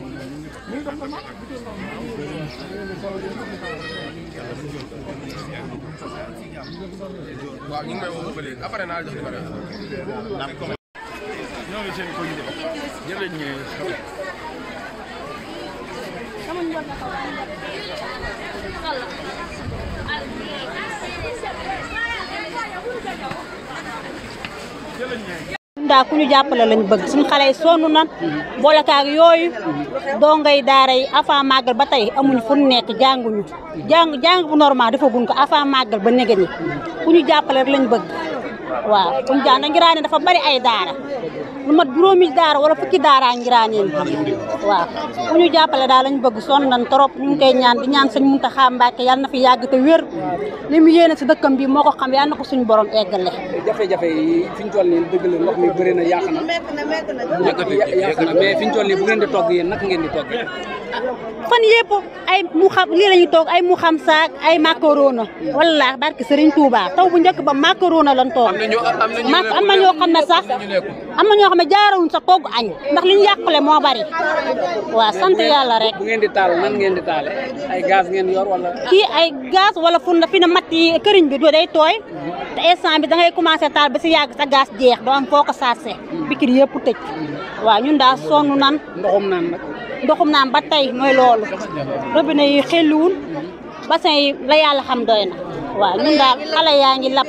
waaw ñu ngi koy woo ba léegi après naa jox numéro yi. naam comme. ñoo ngi seen ko ñu def. jërëjëf ñu ngi. jërëjëf ñu. résultat ku ñu jàppale lañ bëgg suñu xale yi sonn nan boolekaag yooyu dongay daara yi avant màggal ba tey amuñ fu nekk jànguñu jàng jàng bu normal dafa gun ko avant màggal ba nege ñi ku ñu jàppale rek bëgg waaw Koundiane Ngiraane dafa bari ay daara lu mat juróomi daara wala fukki daara Ngiraane yi xam waaw ku ñu jàppale daal lañ bëgg sonn nan trop ñu ngi koy ñaan di ñaan sëñ Muntaxa Mbàkke yàlla na te wér li mu yéene si dëkkam bi moo ko xam yàlla na ko suñu borom eggale jafe-jafe yi fi la ndox mi bëri na yàq na yàq na mais fi ñu toll nii bu di togg yéen naka ngeen di togg fan yëpp ay mu xam lii la ñu toog ay mu xam saak ay macarona wallaahi barke Sëriñ Tuubaa taw bu njëkk ba macarona lan toog man am na ñoo xam ne sax am na ñoo xam ne jaarawuñ sa togg añ ndax li ñu yàqule moo bari waaw sant yàlla rek. bu ngeen di taal nan ngeen di taale ay gaz ngeen yor wala. kii ay gaz wala fun na fi na matt yi këriñ bi doo day tooy mhm. te instant bi da ngay commencé taal ba si yàgg sa gaz jeex doo am foo ko saase. Mhm. bikir yëpp tëj mhm. waaw ñun daal sonn nan. ndoxum naan ba tey mooy loolu. robinet yi xelluwul bassin yi la yàlla xam doy na. waaw ñun daal xale yaa ngi lab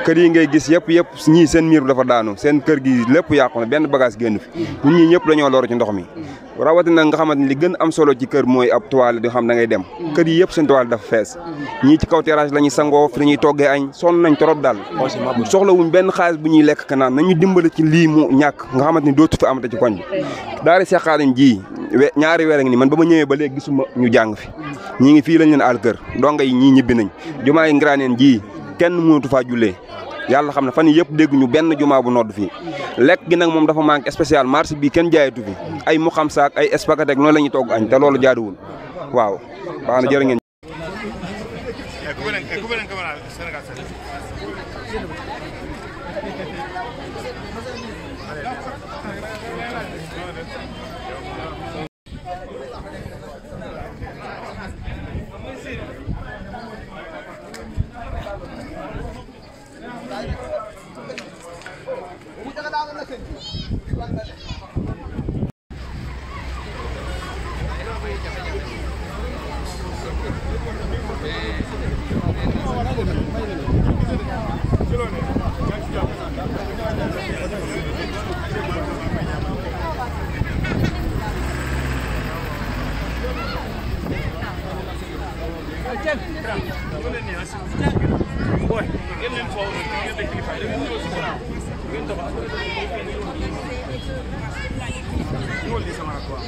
kër yi ngay gis yëpp yëpp ñii seen miir bi dafa daanu seen kër gi lépp yàqu na benn bagage génn fi ñun ñii ñëpp dañoo loru ci ndox mi rawatina nga xamante ni li gën am solo ci kër mooy ab toile di xam da ngay dem kër yi yëpp seen toile dafa fees ñii ci kaw terrasse la ñuy sangoo fi dañuy toggee añ sonn nañ trop daal soxlawuñ benn xaalis bu ñuy lekk ka naan nañu dimbali ci lii mu ñàkk nga xamante ni dootu am amata ci koñ bi daari seqaalañ ji ñaari weer ngi ni man ba ma ñëwee ba léegi gisuma ñu jàng fi ñii ngi fii lañ leen àll kër donga yi ñii ñibbi nañ jumaa yi ngiraaneen ji kenn mënatu faa jullee yàlla xam ne fan yépp dégg ñu benn juma bu nodd fi lekk gi nak mom dafa mank spécial marché bi kenn jaayatu fi ay mu xam saak ay espagate ak no lañu ñuy togg añ te jaadu wul waaw baax na jërë ngeen Boy, get them forward, get the clip. I don't know what's going on. Moldi sa marakwa.